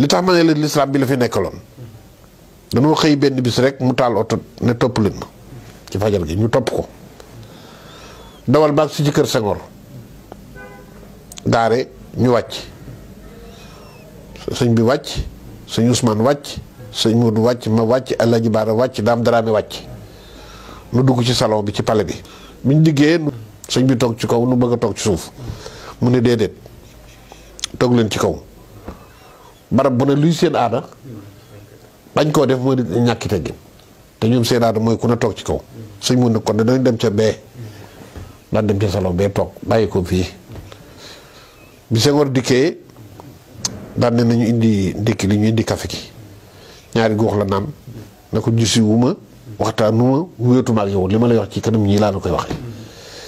li tax ma ne leen lislaam bi la fi nekkaloon dañoo xëy benn bis rek mu taal oto ne topp leen ma ci fajar gi ñu topp ko dawal baag si ci kër Senghor daare ñu wàcc sëñ bi wàcc sëñ Ousmane wàcc sëñ Modou wàcc ma wàcc El Hadj wàcc daam Dramé wàcc nu dugg ci salon bi ci palais bi buñ diggee sëñ bi toog ci kaw nu bëgg a toog ci suuf mu ne déedéet toog leen ci kaw barab bu ne luy seen aada bañ koo def mooy ñàkki gi te ñoom seen aada mooy ku ne toog ci kaw suñ mun ne kon dem ca bee daan dem ca salon bee toog bàyyi ko fii bi Senghor dikkee nañu indi ndékki li ñu ñaari góox la naan na ko ma waxtaanu ma wéetuma ak yow li ma lay wax ci kanam ñii laa la koy waxee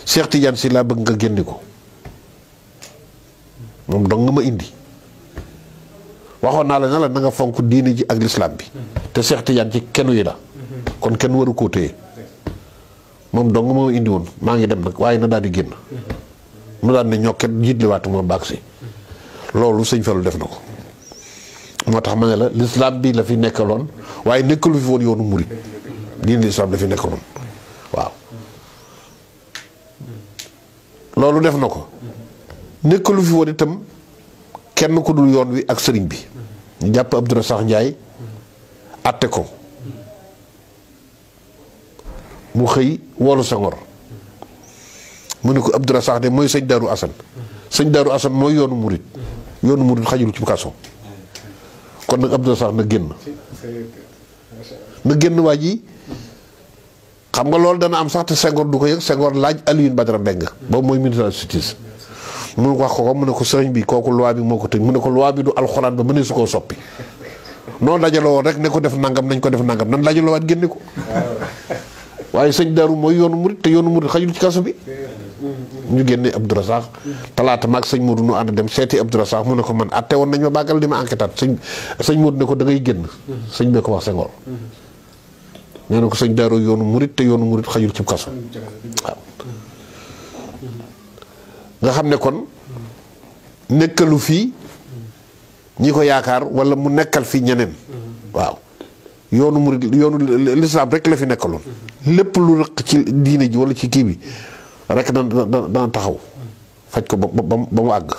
Cheikh si laa bëgg nga génni ko moom dong ma indi waxoon naa la na la na nga fonk diini ji ak lislaam bi te Seex Tijaan ci kenu yi la kon kenn waru koo téye moom dong moo indiwoon maa ngi dem nag waaye na daal di génn nu daan ne ñokket jiitliwaatu moom baag si loolu sëñ Fallu def na ko moo tax ma ne la lislaam bi la fi nekkaloon waaye nekkalu fi woon yoonu murit diini lislaam la fi nekkaloon waaw loolu def na ko nekkalu fi woon itam kenn ku dul yoon wi ak sëriñ bi ñu jàpp Abdou sax njaay àtte ko mu xëy woolu Senghor mu ne ko Abdou sax de mooy sëñ Daaru Assane sëñ Daaru Assane mooy yoonu murit yoonu murit xajul ci kaso kon nag Abdou sax na génn na génn waa ji xam nga loolu dana am sax te Senghor du ko yëg Senghor laaj Alioune Badara Mbengue boobu mooy ministre de mu ne ko wax ko ko mu ne ko sëriñ bi kooku loi bi moo ko tëj mu ne ko loi bi du alxuraan ba mënee su koo soppi noonu dajaloo woon rek ne ko def nangam nañ ko def nangam nan dajaloo waat génne ko waaye sëñ Daaru mooy yoonu murit te yoonu murit xajul ci kaso bi ñu génne Abdourasaax talaata maag sëñ Modou nu ànd dem seeti Abdourasaax mu ne ko man atte woon nañ ma bàggal di ma enquêtaat sëñ sëñ Modou ne ko da ngay génn sëñ bee ko wax Senghor nee na sëñ Daaru yoonu murit te yoonu murit xajul ci kaso waaw nga xam ne kon nekkalu fii ñi ko yaakaar wala mu nekkal fi ñeneen waaw yoonu murid yoonu lislaam rek la fi nekkaloon lépp lu rëq ci diine ji walla ci kii bi rekk dana dana taxaw faj ko ba ba mu àgg